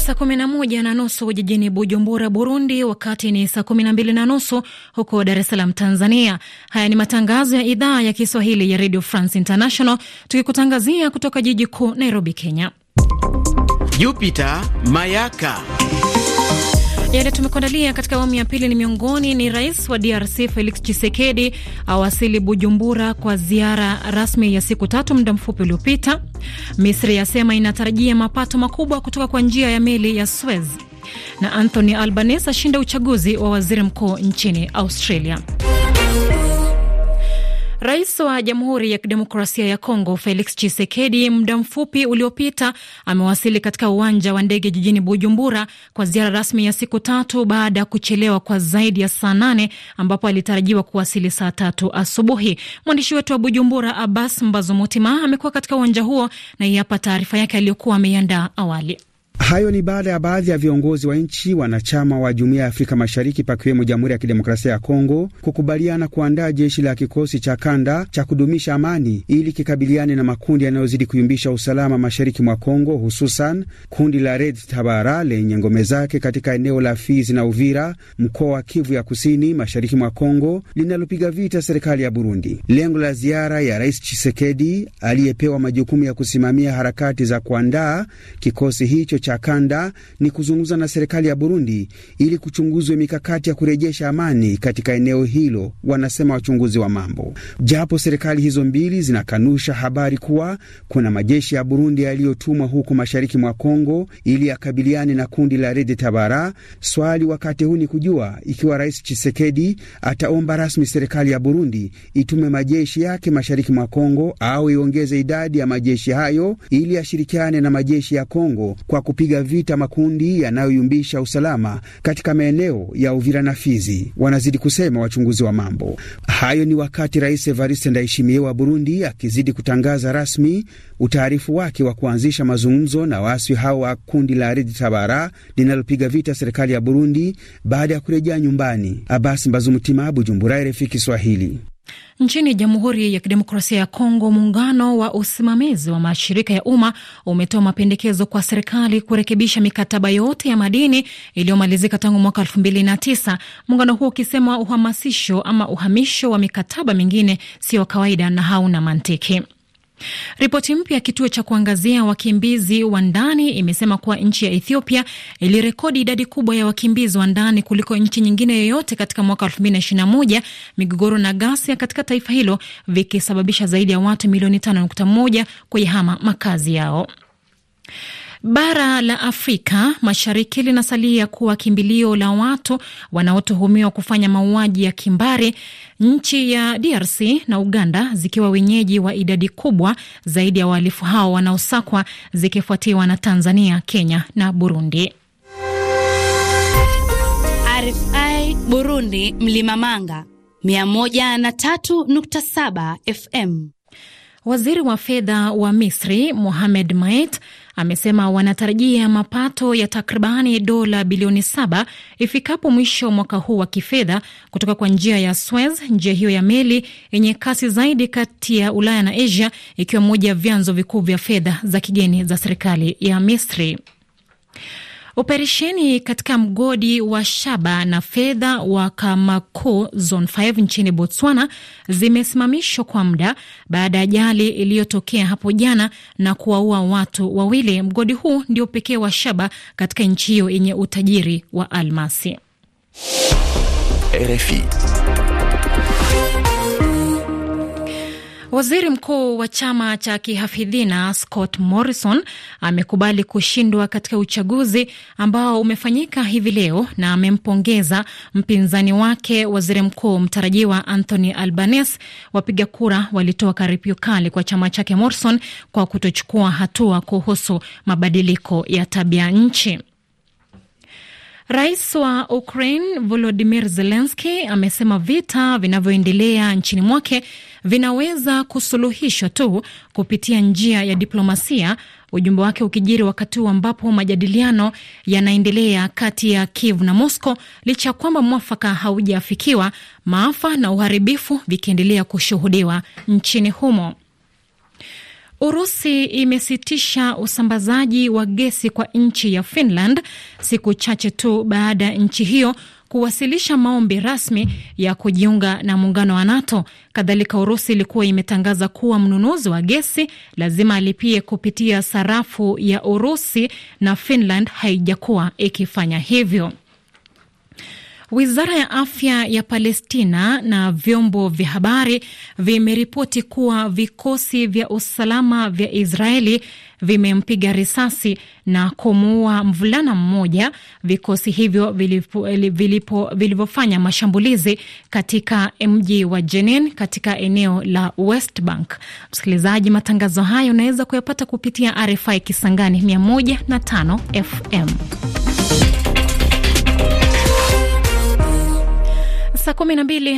saa kumi na moja na nusu jijini Bujumbura, Burundi, wakati ni saa kumi na mbili na nusu huko Dar es Salaam, Tanzania. Haya ni matangazo ya idhaa ya Kiswahili ya Radio France International, tukikutangazia kutoka jiji kuu Nairobi, Kenya. Jupiter Mayaka yale tumekuandalia katika awamu ya pili ni miongoni ni rais wa DRC Felix Tshisekedi awasili Bujumbura kwa ziara rasmi ya siku tatu muda mfupi uliopita. Misri yasema inatarajia mapato makubwa kutoka kwa njia ya meli ya Suez, na Anthony Albanese ashinda uchaguzi wa waziri mkuu nchini Australia. Rais wa Jamhuri ya Kidemokrasia ya Kongo Felix Tshisekedi muda mfupi uliopita amewasili katika uwanja wa ndege jijini Bujumbura kwa ziara rasmi ya siku tatu baada ya kuchelewa kwa zaidi ya saa nane ambapo alitarajiwa kuwasili saa tatu asubuhi. Mwandishi wetu wa Bujumbura Abbas Mbazumutima amekuwa katika uwanja huo na hii hapa taarifa yake aliyokuwa ameiandaa awali. Hayo ni baada ya baadhi ya viongozi wa nchi wanachama wa Jumuiya ya Afrika Mashariki pakiwemo Jamhuri ya Kidemokrasia ya Kongo kukubaliana kuandaa jeshi la kikosi cha kanda cha kudumisha amani ili kikabiliane na makundi yanayozidi kuyumbisha usalama mashariki mwa Kongo, hususan kundi la Red Tabara lenye ngome zake katika eneo la Fizi na Uvira, mkoa wa Kivu ya Kusini, mashariki mwa Kongo, linalopiga vita serikali ya Burundi. Lengo la ziara ya Rais chisekedi aliyepewa majukumu ya kusimamia harakati za kuandaa kikosi hicho cha kanda ni kuzungumza na serikali ya Burundi ili kuchunguzwe mikakati ya kurejesha amani katika eneo hilo, wanasema wachunguzi wa mambo. Japo serikali hizo mbili zinakanusha habari kuwa kuna majeshi ya Burundi yaliyotumwa huko mashariki mwa Kongo ili yakabiliane na kundi la Rede Tabara, swali wakati huu ni kujua ikiwa Rais Chisekedi ataomba rasmi serikali ya Burundi itume majeshi yake mashariki mwa Kongo au iongeze idadi ya majeshi hayo ili yashirikiane na majeshi ya Kongo kwa kupiga vita makundi yanayoyumbisha usalama katika maeneo ya Uvira na Fizi, wanazidi kusema wachunguzi wa mambo hayo. Ni wakati Rais Evariste Ndayishimiye wa Burundi akizidi kutangaza rasmi utaarifu wake wa kuanzisha mazungumzo na waasi hao wa kundi la Redi Tabara linalopiga vita serikali ya Burundi baada ya kurejea nyumbani. Abasi Mbazumtima, Bujumbura, RFI Kiswahili. Nchini Jamhuri ya Kidemokrasia ya Kongo, muungano wa usimamizi wa mashirika ya umma umetoa mapendekezo kwa serikali kurekebisha mikataba yote ya madini iliyomalizika tangu mwaka elfu mbili na tisa, muungano huo ukisema uhamasisho ama uhamisho wa mikataba mingine sio kawaida na hauna mantiki. Ripoti mpya ya kituo cha kuangazia wakimbizi wa ndani imesema kuwa nchi ya Ethiopia ilirekodi idadi kubwa ya wakimbizi wa ndani kuliko nchi nyingine yoyote katika mwaka 2021, migogoro na ghasia katika taifa hilo vikisababisha zaidi ya watu milioni 5.1 kuihama makazi yao. Bara la Afrika Mashariki linasalia kuwa kimbilio la watu wanaotuhumiwa kufanya mauaji ya kimbari, nchi ya DRC na Uganda zikiwa wenyeji wa idadi kubwa zaidi ya wahalifu hao wanaosakwa, zikifuatiwa na Tanzania, Kenya na Burundi. RFI Burundi, Mlimamanga 103.7 FM. Waziri wa fedha wa Misri Mohamed Maet amesema wanatarajia mapato ya takribani dola bilioni saba ifikapo mwisho mwaka huu wa kifedha kutoka kwa njia ya Suez, njia hiyo ya meli yenye kasi zaidi kati ya Ulaya na Asia, ikiwa moja ya vyanzo vikuu vya fedha za kigeni za serikali ya Misri. Operesheni katika mgodi wa shaba na fedha wa Kamako Zone 5 nchini Botswana zimesimamishwa kwa muda baada ya ajali iliyotokea hapo jana na kuwaua watu wawili. Mgodi huu ndio pekee wa shaba katika nchi hiyo yenye utajiri wa almasi. RFI. Waziri mkuu wa chama cha kihafidhina Scott Morrison amekubali kushindwa katika uchaguzi ambao umefanyika hivi leo na amempongeza mpinzani wake waziri mkuu mtarajiwa Anthony Albanese. Wapiga kura walitoa karipio kali kwa chama chake Morrison kwa kutochukua hatua kuhusu mabadiliko ya tabia nchi. Rais wa Ukraine Volodymyr Zelensky amesema vita vinavyoendelea nchini mwake vinaweza kusuluhishwa tu kupitia njia ya diplomasia, ujumbe wake ukijiri wakati huu ambapo majadiliano yanaendelea kati ya Kiev na Moscow, licha ya kwamba mwafaka haujafikiwa, maafa na uharibifu vikiendelea kushuhudiwa nchini humo. Urusi imesitisha usambazaji wa gesi kwa nchi ya Finland siku chache tu baada ya nchi hiyo kuwasilisha maombi rasmi ya kujiunga na muungano wa NATO. Kadhalika, Urusi ilikuwa imetangaza kuwa mnunuzi wa gesi lazima alipie kupitia sarafu ya Urusi, na Finland haijakuwa ikifanya hivyo. Wizara ya afya ya Palestina na vyombo vya habari vimeripoti kuwa vikosi vya usalama vya Israeli vimempiga risasi na kumuua mvulana mmoja, vikosi hivyo vilivyofanya mashambulizi katika mji wa Jenin katika eneo la West Bank. Msikilizaji, matangazo haya unaweza kuyapata kupitia RFI Kisangani 105 FM. saa kumi na mbili